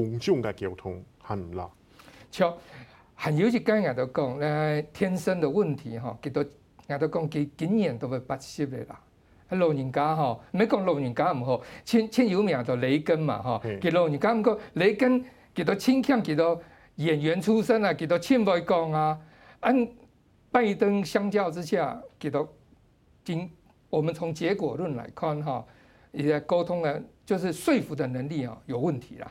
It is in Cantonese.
公眾嘅溝通很唔落？錯，很有一間人都講，誒天生嘅問題，嚇佢都人都講佢經驗都係不識嚟啦。老人家嗬，唔係講老人家唔好，千千有名就雷根嘛嗬。佢老人家唔講雷根，佢都千稱佢都演員出身啊，佢都千話講啊。安拜登相較之下，佢都，從我們從結果論來看嚇，啲溝通咧，就是說服的能力啊，有問題啦。